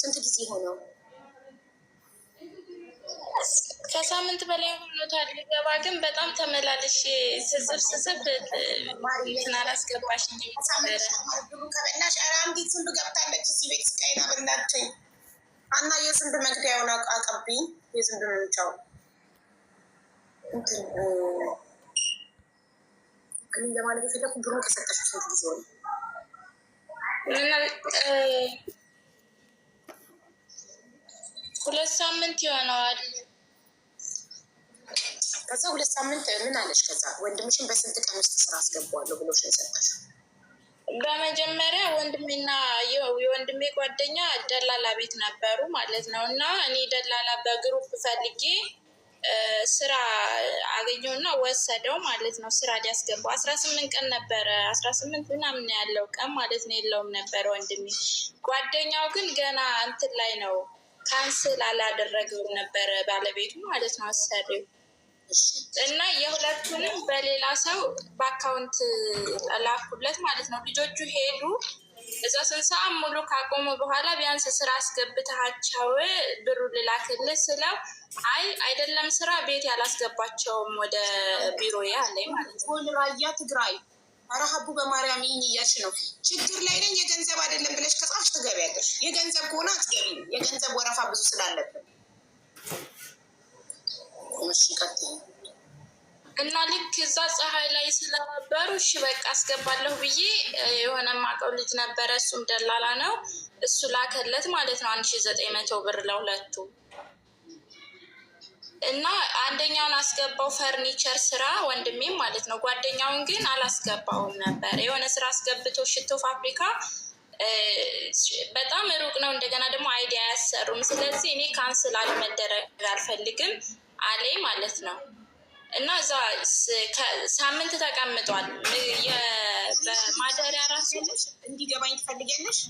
ስንት ጊዜ ሆነው? ከሳምንት በላይ ሆኖታል። ገባ ግን በጣም ተመላለሽ ስስብ ስስብ ቤትን አላስገባሽ ከበላሽ ኧረ አንዲት ስንዱ ገብታለች እዚህ ቤት ለማለት የፈለኩ ብሩን ከሰጠሽ ስንት ጊዜ ሆነ? ሁለት ሳምንት ይሆነዋል። ከዛ ሁለት ሳምንት ምን አለች? ከዛ ወንድምሽን በስንት ቀን ውስጥ ስራ አስገባዋለሁ ብሎሽ ሰጠሽ? በመጀመሪያ ወንድሜና የወንድሜ ጓደኛ ደላላ ቤት ነበሩ ማለት ነው። እና እኔ ደላላ በግሩፕ ፈልጌ ስራ አገኘውና ወሰደው ማለት ነው። ስራ ሊያስገባው አስራ ስምንት ቀን ነበረ አስራ ስምንት ምናምን ያለው ቀን ማለት ነው። የለውም ነበረ ወንድሜ። ጓደኛው ግን ገና እንትን ላይ ነው ካንስል አላደረገውም ነበረ ባለቤቱ ማለት ነው አሰሪው እና የሁለቱንም በሌላ ሰው በአካውንት ላኩለት ማለት ነው። ልጆቹ ሄዱ እዛ ስንት ሰዓት ሙሉ ካቆሙ በኋላ ቢያንስ ስራ አስገብተሃቸው ብሩ ልላክል ስለው አይ አይደለም ስራ ቤት ያላስገባቸውም ወደ ቢሮ ያለኝ ማለት ነው። ራያ ትግራይ ኧረ በማርያም ይህን እያልሽ ነው ችግር ላይ ነኝ። የገንዘብ አይደለም ብለሽ ከጻፍሽ ትገቢያለሽ። የገንዘብ ከሆነ አትገቢ። የገንዘብ ወረፋ ብዙ ስላለብን እና ልክ እዛ ፀሐይ ላይ ስለነበሩ እሺ በቃ አስገባለሁ ብዬ የሆነ ማቀው ልጅ ነበረ። እሱም ደላላ ነው። እሱ ላከለት ማለት ነው አንድ ሺ ዘጠኝ መቶ ብር ለሁለቱ እና አንደኛውን አስገባው ፈርኒቸር ስራ ወንድሜም ማለት ነው። ጓደኛውን ግን አላስገባውም ነበር። የሆነ ስራ አስገብቶ ሽቶ ፋብሪካ በጣም ሩቅ ነው። እንደገና ደግሞ አይዲያ ያሰሩም ስለዚህ እኔ ካንስል አልመደረግ አልፈልግም አሌ ማለት ነው። እና እዛ ሳምንት ተቀምጧል። ማደሪያ ራሱ እንዲገባኝ ትፈልጊያለሽ?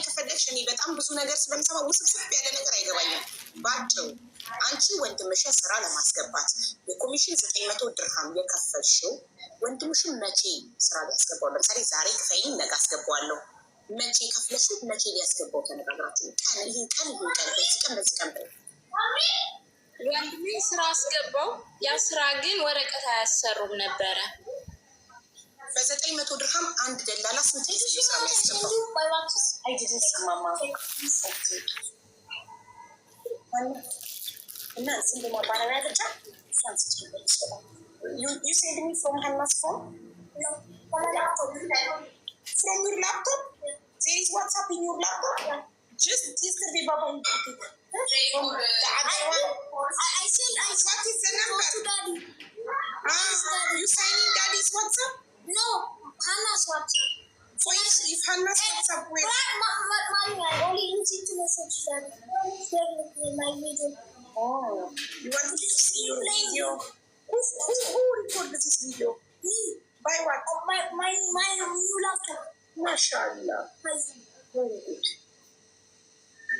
ከፈለግሽ እኔ በጣም ብዙ ነገር ስለምሰማ ውስብስብ ያለ ነገር አይገባኝም። አንቺ ወንድምሽን ስራ ለማስገባት የኮሚሽን ዘጠኝ መቶ ድርሃም የከፈልሽው ወንድምሽን መቼ ስራ ሊያስገባው? ለምሳሌ ዛሬ ክፈይን ነገ አስገባዋለሁ። መቼ ከፍለሽ መቼ ሊያስገባው ተነጋግራችሁ፣ ቀን ይህን ቀን ይህን ቀን በዚህ ቀን በዚህ ቀን በ ወንድሜ ስራ አስገባው። ያ ስራ ግን ወረቀት አያሰሩም ነበረ በዘጠኝ መቶ ድርሃም አንድ ደላላ ስንት ላፕቶፕ no, Hannah's WhatsApp. For if, if Hannah's WhatsApp went. Right, my, my, mommy, I only use it to message them. Definitely my video. Oh, you want me to see your video? Who, who, who recorded this video? Me. By what? Oh, my, my, my new laptop. MashaAllah. Very good.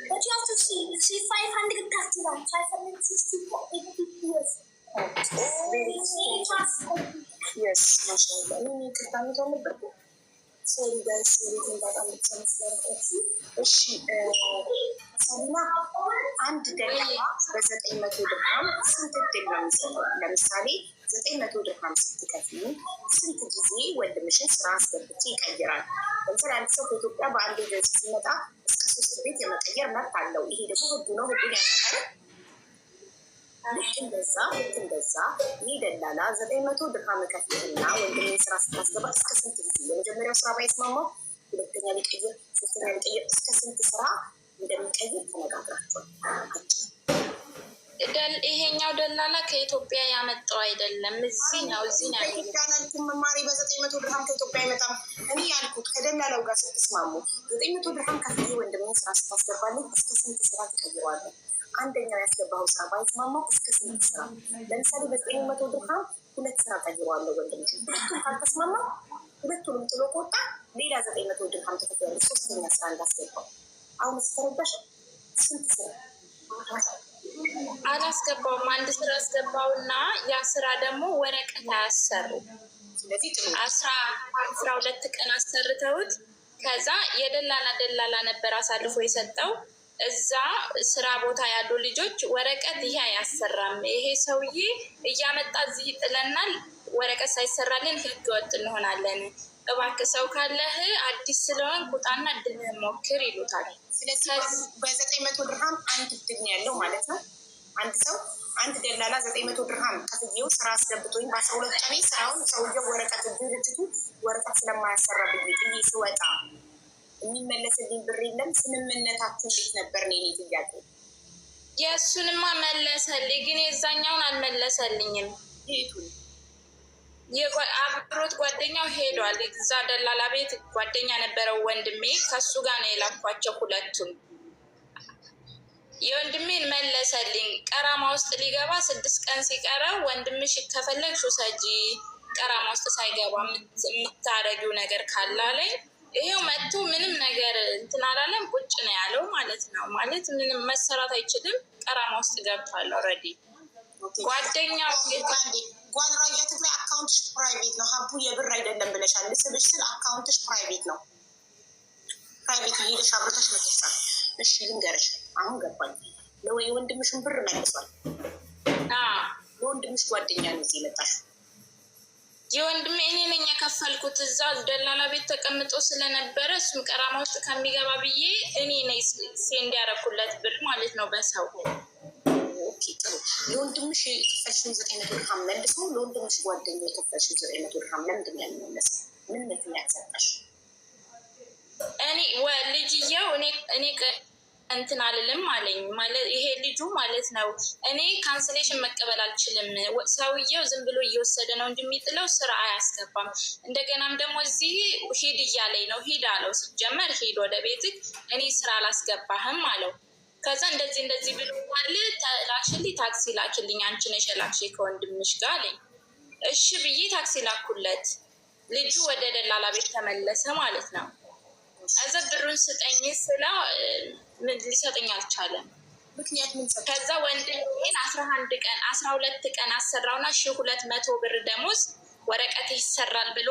But you have to see, you see 531, 564 FPS. Oh, it's very expensive. አንድ ደቂቃ በዘጠኝ መቶ ድርሃም ስንት ዕድል ነው የሚሰጠው? ለምሳሌ ዘጠኝ መቶ ድርሃም ስትከፍሉ ስንት ጊዜ ወንድምሽን ስራ አስገብቼ ይቀይራል? ለምሳሌ አንድ ሰው በኢትዮጵያ በአንድ ኤጀንሲ ሲመጣ እስከ ሶስት ቤት የመቀየር መብት አለው። ይሄ ደግሞ ህጉ ነው፣ ህጉን ያጠቃል ልክ እንደዛ ልክ እንደዛ ይህ ደላላ ዘጠኝ መቶ ድርሃም ከፍልና ወንድሜ ስራ ስታስገባ እስከ ስንት ጊዜ የመጀመሪያው ስራ ባይስማማው ሁለተኛ ሊቀይር፣ ሶስተኛ ሊቀይር እስከ ስንት ስራ እንደሚቀይር ተነጋግራቸዋል። ይሄኛው ደላላ ከኢትዮጵያ ያመጣው አይደለም። እዚህ ነው እዚህ ነው ኢትዮጵያ መማሪ በዘጠኝ መቶ ድርሃም ከኢትዮጵያ አይመጣም። እኔ ያልኩት ከደላላው ጋር ስትስማሙ ዘጠኝ መቶ ድርሃም ከፍዬ ወንድሜ ስራ ስታስገባለን እስከ ስንት ስራ ትቀይረዋለን? አንደኛው ያስገባው ስራ ባይስማማው እስከ ስምንት ስራ ለምሳሌ በዘጠኝ መቶ ድርሃም ሁለት ስራ ቀይረዋለሁ። ወንድምሽ ሁለቱም ካልተስማማ ሁለቱንም ጥሎ ከወጣ ሌላ ዘጠኝ መቶ ድርሃም ተከፍያለሽ። ሶስተኛ ስራ እንዳስገባው አሁን ስተረዳሽ ስንት ስራ አላስገባውም። አንድ ስራ አስገባውና ያ ስራ ደግሞ ወረቀት አያሰሩ። አስራ ሁለት ቀን አሰርተውት ከዛ የደላላ ደላላ ነበር አሳልፎ የሰጠው እዛ ስራ ቦታ ያሉ ልጆች ወረቀት ይሄ አያሰራም፣ ይሄ ሰውዬ እያመጣ እዚህ ይጥለናል፣ ወረቀት ሳይሰራልን ህገ ወጥ እንሆናለን፣ እባክህ ሰው ካለህ አዲስ ስለሆን ቁጣና እድልህን ሞክር ይሉታል። ስለዚህ በዘጠኝ መቶ ድርሃም አንድ እድል ያለው ማለት ነው። አንድ ሰው አንድ ደላላ ዘጠኝ መቶ ድርሃም ከፍዬው ስራ አስገብቶኝ በአስራ ሁለት ቀኔ ስራውን ሰውየው ወረቀት ድርጅቱ ወረቀት ስለማያሰራ ብዬ ጥዬ ስወጣ የሚመለስልኝ ብር የለም። ስምምነታችሁ እንዴት ነበር ነው የኔ ጥያቄ። የእሱንማ መለሰልኝ፣ ግን የዛኛውን አልመለሰልኝም። ሄቱን አብሮት ጓደኛው ሄዷል። እዛ ደላላ ቤት ጓደኛ ነበረው ወንድሜ፣ ከሱ ጋር ነው የላኳቸው ሁለቱም። የወንድሜን መለሰልኝ። ቀራማ ውስጥ ሊገባ ስድስት ቀን ሲቀረው ወንድምሽ ከፈለግሽ ውሰጂ፣ ቀራማ ውስጥ ሳይገባ የምታረጊው ነገር ካላለኝ ይሄው መጥቶ ምንም ነገር እንትን አላለም። ቁጭ ነው ያለው ማለት ነው። ማለት ምንም መሰራት አይችልም። ቀራማ ውስጥ ገብቷል ኦልሬዲ። ጓደኛው ጓንራያ ትግራይ አካውንትሽ ፕራይቬት ነው ሀቡ የብር አይደለም ብለሻል። ልስብሽ ስል አካውንትሽ ፕራይቬት ነው። ፕራይቬት ሄደሽ አብረታሽ መተሳ። እሺ ልንገርሽ፣ አሁን ገባኝ። ለወይ ወንድምሽን ብር መልሷል። የወንድምሽ ጓደኛ ነው እዚህ የመጣሽው የወንድሜ እኔ ነኝ የከፈልኩት። እዛ ደላላ ቤት ተቀምጦ ስለነበረ እሱም ቀራማ ውስጥ ከሚገባ ብዬ እኔ ነኝ ሴንድ ያደረኩለት ብር ማለት ነው። በሰው ለወንድምሽ የከፈልሽውን ዘጠኝ መቶ ድርሃም መልሶ ለወንድምሽ ጓደኛ የከፈልሽውን ዘጠኝ መቶ ድርሃም ለምንድን ነው ያልመለሰው? ምን ምክንያት ሰጠሽ? እኔ ልጅየው እኔ እንትን አልልም አለኝ። ይሄ ልጁ ማለት ነው። እኔ ካንስሌሽን መቀበል አልችልም። ሰውየው ዝም ብሎ እየወሰደ ነው እንጂ የሚጥለው ስራ አያስገባም። እንደገናም ደግሞ እዚህ ሂድ እያለኝ ነው። ሂድ አለው። ሲጀመር ሂድ ወደ ቤትህ፣ እኔ ስራ አላስገባህም አለው። ከዛ እንደዚህ እንደዚህ ብሎ ካል ላክሽልኝ፣ ታክሲ ላክልኝ፣ አንቺ ነሽ የላክሽ ከወንድምሽ ጋር አለኝ። እሺ ብዬ ታክሲ ላኩለት። ልጁ ወደ ደላላ ቤት ተመለሰ ማለት ነው። እዛ ብሩን ስጠኝ ስላ ሊሰጠኝ አልቻለም። ከዛ ወንድሜን አስራ አንድ ቀን አስራ ሁለት ቀን አሰራውና ሺ ሁለት መቶ ብር ደሞዝ ወረቀት ይሰራል ብሎ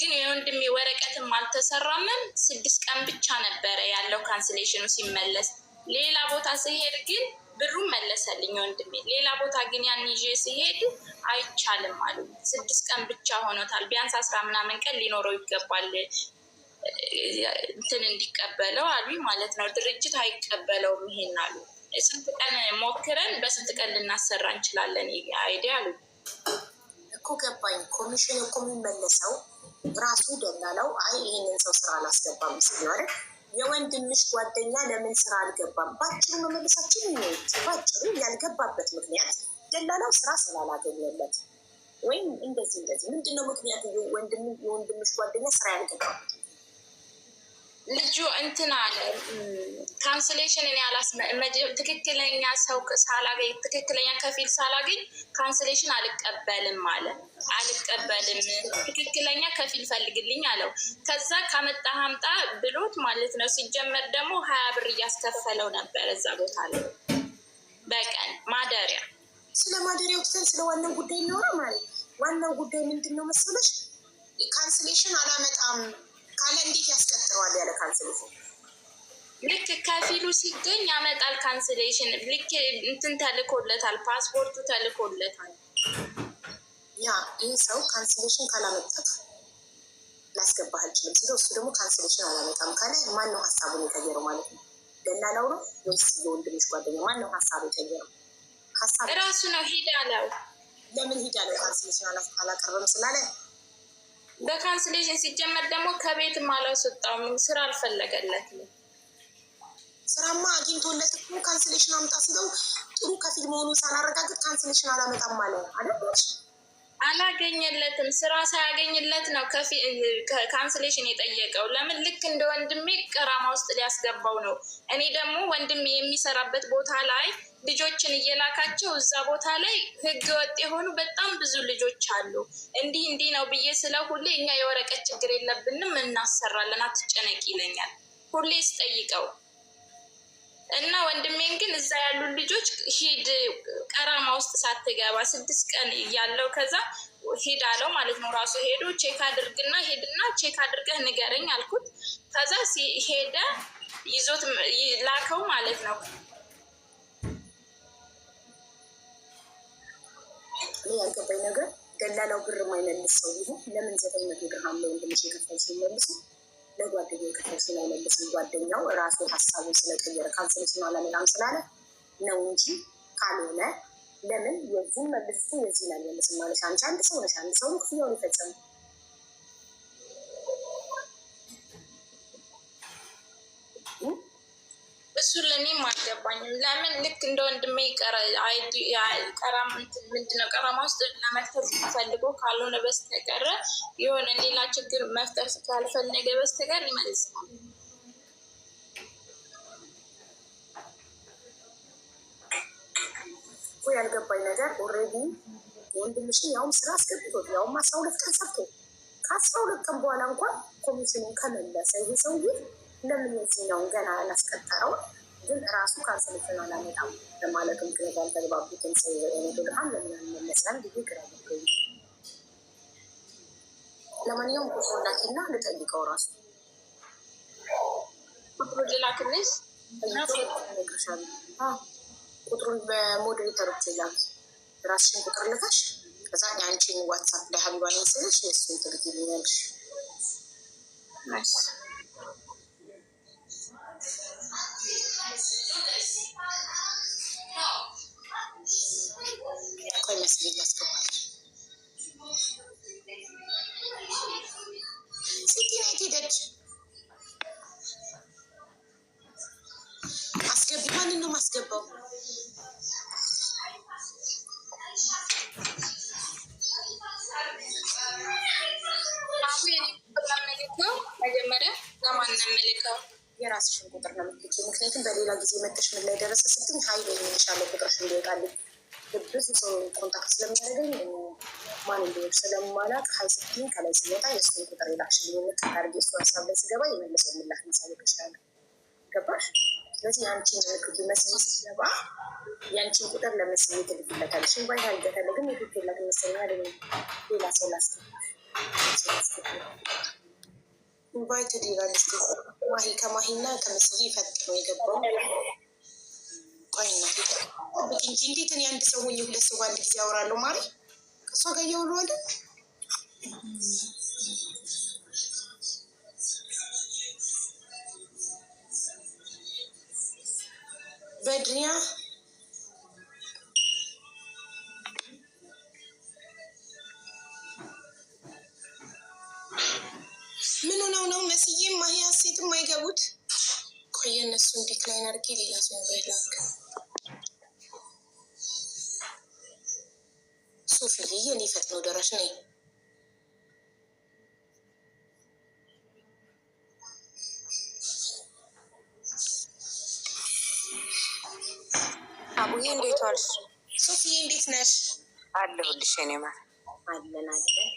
ግን የወንድሜ ወረቀትም አልተሰራምም። ስድስት ቀን ብቻ ነበረ ያለው ካንስሌሽኑ ሲመለስ። ሌላ ቦታ ሲሄድ ግን ብሩን መለሰልኝ ወንድሜ። ሌላ ቦታ ግን ያን ይዤ ሲሄድ አይቻልም አሉ። ስድስት ቀን ብቻ ሆኖታል። ቢያንስ አስራ ምናምን ቀን ሊኖረው ይገባል እንትን እንዲቀበለው አሉ ማለት ነው። ድርጅት አይቀበለውም ይሄን አሉ። ስንት ቀን ሞክረን በስንት ቀን ልናሰራ እንችላለን አይዲያ አሉ እኮ ገባኝ። ኮሚሽን እኮ የሚመለሰው ራሱ ደላላው አይ ይህንን ሰው ስራ አላስገባም ሲኖር የወንድምሽ ጓደኛ ለምን ስራ አልገባም? ባጭሩ መመለሳችን ይወት ባጭሩ ያልገባበት ምክንያት ደላላው ስራ ስላላገኘለት ወይም እንደዚህ እንደዚህ ምንድነው ምክንያቱ? ወንድምሽ ጓደኛ ስራ ያልገባበት ልጁ እንትን አለ ካንስሌሽን እኔ ትክክለኛ ሰው ሳላገኝ ትክክለኛ ከፊል ሳላገኝ ካንስሌሽን አልቀበልም አለ። አልቀበልም ትክክለኛ ከፊል ፈልግልኝ አለው። ከዛ ከመጣ ሀምጣ ብሎት ማለት ነው። ሲጀመር ደግሞ ሀያ ብር እያስከፈለው ነበር እዛ ቦታ ላይ በቀን ማደሪያ። ስለ ማደሪያው ክሰል ስለ ዋናው ጉዳይ እናወራ ማለት ዋናው ጉዳይ ምንድን ነው መሰለሽ? ካንስሌሽን አላመጣም ካለ እንዴት ያስቀጥረዋል? ያለ ካንስሌሽን ልክ ከፊሉ ሲገኝ ያመጣል ካንስሌሽን። ልክ እንትን ተልኮለታል፣ ፓስፖርቱ ተልኮለታል። ያ ይህ ሰው ካንስሌሽን ካላመጣ ላስገባህ አልችልም ሲለው፣ እሱ ደግሞ ካንስሌሽን አላመጣም ካለ ማን ነው ሀሳቡን የቀየረው ማለት ነው? ደላላው ነው ወይስ የወንድምሽ ጓደኛ? ማን ነው ሀሳቡ የቀየረው? ሀሳብ ራሱ ነው። ሂድ አለው። ለምን ሂድ አለው? ካንስሌሽን አላቀረበም ስላለ በካንስሌሽን ሲጀመር ደግሞ ከቤትም አላስወጣውም። ስራ አልፈለገለት። ስራማ አግኝቶለት እኮ ካንስሌሽን አምጣ ስለው ጥሩ ከፊል መሆኑን ሳላረጋግጥ ካንስሌሽን አላመጣም አለ አላገኘለትም። ስራ ሳያገኝለት ነው ካንስሌሽን የጠየቀው። ለምን ልክ እንደ ወንድሜ ቀራማ ውስጥ ሊያስገባው ነው። እኔ ደግሞ ወንድሜ የሚሰራበት ቦታ ላይ ልጆችን እየላካቸው እዛ ቦታ ላይ ህገ ወጥ የሆኑ በጣም ብዙ ልጆች አሉ። እንዲህ እንዲህ ነው ብዬ ስለ ሁሌ እኛ የወረቀት ችግር የለብንም እናሰራለን፣ አትጨነቅ ይለኛል ሁሌ ስጠይቀው እና ወንድሜን ግን እዛ ያሉ ልጆች ሂድ ቀራማ ውስጥ ሳትገባ ስድስት ቀን እያለው ከዛ ሂድ አለው ማለት ነው። ራሱ ሄዶ ቼክ አድርግና ሄድና ቼክ አድርገህ ንገረኝ አልኩት። ከዛ ሄደ ይዞት ላከው ማለት ነው። ያልገባኝ ነገር ደላላው ብር የማይመልስ ሰው ይሆን? ለምን ዘጠኝ መቶ ድርሃም ነው እንድልሽ የከፈል ሲመልሱ ለጓደኛ የከፈል ስላይመልስ ጓደኛው ራሱ ሀሳቡን ስለቀየረ ካንስልስና ለመላም ስላለ ነው እንጂ ካልሆነ ለምን የዚህም መልስ የዚህ የዚህን መልስ ማለት አንቺ አንድ ሰው ነሽ። አንድ ሰው ክፍያውን ይፈጸሙ እሱ ለእኔም አልገባኝም። ለምን ልክ እንደ ወንድሜ ምንድነው ቀረማ ውስጥ ለመፍተር ፈልጎ ካልሆነ በስተቀረ የሆነ ሌላ ችግር መፍጠር ካልፈለገ በስተቀር ይመልስ ነው። ያልገባኝ ነገር ኦልሬዲ ወንድምሽን ያውም ስራ አስገብቶት ያውም አስራ ሁለት ቀን ሰርቶ ከአስራ ሁለት ቀን በኋላ እንኳን ኮሚሽኑን ከመለሰ ይሄ ሰውዬ ለምን የዚህኛውን ገና አላስቀጠረውም? ግን ራሱ ካንሰልትን አላመጣም በማለት ምክንያት ያልተግባቡትን ሰው ዶድሃን ለምን መመስላል ጊዜ ግራ ይገኝ። ለማንኛውም ቁሶ ላኪና ልጠይቀው ራሱ ቁጥሩ ሌላክልሽ ነግርሻል። ቁጥሩን በሞዴሬተሮች ላክ ራስሽን ቁጥር ልካሽ ከዛ የአንቺን ዋትሳፕ ላይ ሀቢባ ላይ ስልሽ የእሱን ትልጊልኛለሽ። ቆይ መሰለኝ ላስገባል። ስቲና ሄደች? አስገቢ። ማንን ነው የማስገባው? መጀመሪያ ለማን ነው የምልከው? የራስሽን ቁጥር ነው ምትች። ምክንያቱም በሌላ ጊዜ መተሽ ምን ላይ ደረሰ ስትኝ ሀይል የሚሻለ ቁጥርሽ ይወጣል። ብዙ ሰው ኮንታክት ስለሚያደርገኝ ማን እንዲወድ ስለማላቅ ሀይ ስትኝ ከላይ ሲወጣ የእሱን ቁጥር የላሽ ልዩነት አድርጌ እሱ ሀሳብ ላይ ስገባ የመለሰው ምላሽ መሳለቅ ይችላል። ገባሽ? ስለዚህ የአንቺን ምልክቱ መስኝ ስገባ የአንቺን ቁጥር ለመስኝ ትልፍለታል። ሽን ባይ ሀልገታለ ግን የትትላት መሰኛ ሌላ ሰው ላስገ ኢንቫይትድ ይላል። ስ ማሂ ከማሂና ከመስዬ ፈጥኖ የገባው ቆይና እንጂ እንዴት እኔ አንድ ሰው ሆኜ ሁለት ሰው በአንድ ጊዜ አወራለሁ ማሪ ከእሷ ጋር እያወሩ አለ። በድሪያ ዲክላይን አድርጌ ሌላ ሰው ሞባይል ላክ። ሶፊዬ እኔ ፈጥነው ደራሽ ነኝ። አቡዬ እንዴት ዋልሽ? ሶፊዬ እንዴት ነሽ? አለሁልሽ። እኔ ማለት አለን አለን።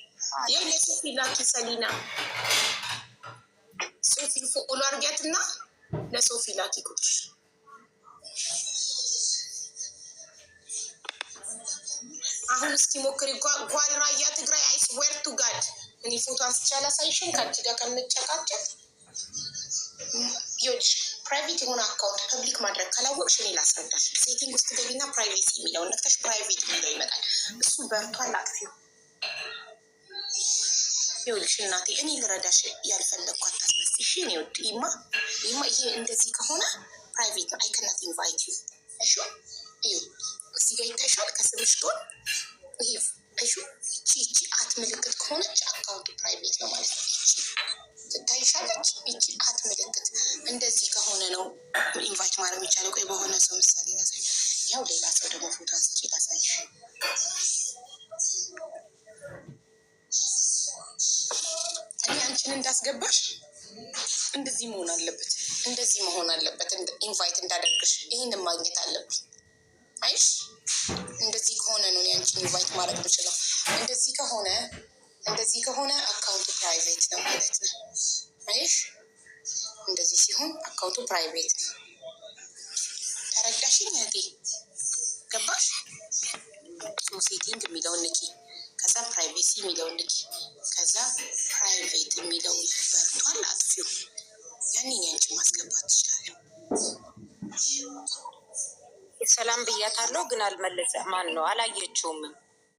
የሆነ ሶፊ ላኪ ሰሊና ሶፊ ፎሎ አድርጊያትና ለሶፊ ላኪ አሁን እስኪ ሞክሪ። ጓል ራያ ትግራይ አይስ ዌር ቱ ጋድ እኔ ፎቶ አንስቼ አላሳይሽም። ከአንቺ ጋር ከምጨቃጨቅ ዮች ፕራይቬት የሆነ አካውንት ፐብሊክ ማድረግ ካላወቅሽ እኔ ላስረዳሽ። ሴቲንግ ውስጥ ገቢና ፕራይቬሲ የሚለውን ነክተሽ ፕራይቬት የሚለው ይመጣል። እሱ በርቷል። ዮች እናቴ እኔ ልረዳሽ ያልፈለግኳት እሺ ነው ወድ ይማ ይማ ይሄ እንደዚህ ከሆነ ፕራይቬት ነው። አይ ከናት ኢንቫይት ዩ እሹ እዩ እዚህ ጋር ይታይሻል። ከስምሽ ቶን ይሄ እሹ እቺ እቺ አት ምልክት ከሆነች አካውንቱ ፕራይቬት ነው ማለት ነው። እቺ ትታይሻለች። እቺ አት ምልክት እንደዚህ ከሆነ ነው ኢንቫይት ማድረግ የሚቻለው። ቆይ በሆነ ሰው ምሳሌ ያሳይ ያው ሌላ ሰው ደግሞ ፎቶ አንስቼ ላሳይሽ እኔ አንቺን እንዳስገባሽ እንደዚህ መሆን አለበት፣ እንደዚህ መሆን አለበት፣ ኢንቫይት እንዳደርግሽ ይህን ማግኘት አለብኝ። አይሽ እንደዚህ ከሆነ ነው ያንቺ ኢንቫይት ማድረግ የምችለው። እንደዚህ ከሆነ እንደዚህ ከሆነ አካውንቱ ፕራይቬት ነው ማለት ነው። አይሽ እንደዚህ ሲሆን አካውንቱ ፕራይቬት ነው። ተረዳሽኝ እህቴ? ገባሽ? ሶሴቲንግ የሚለውን ንኪ ከዛ ፕራይቬሲ የሚለው ልጅ ከዛ ፕራይቬት የሚለው በርቷል። አጥፊው ያንን ያንቺ ማስገባት ትችላለሁ። ሰላም ብያታለሁ፣ ግን አልመለሰ ማን ነው አላየችውም።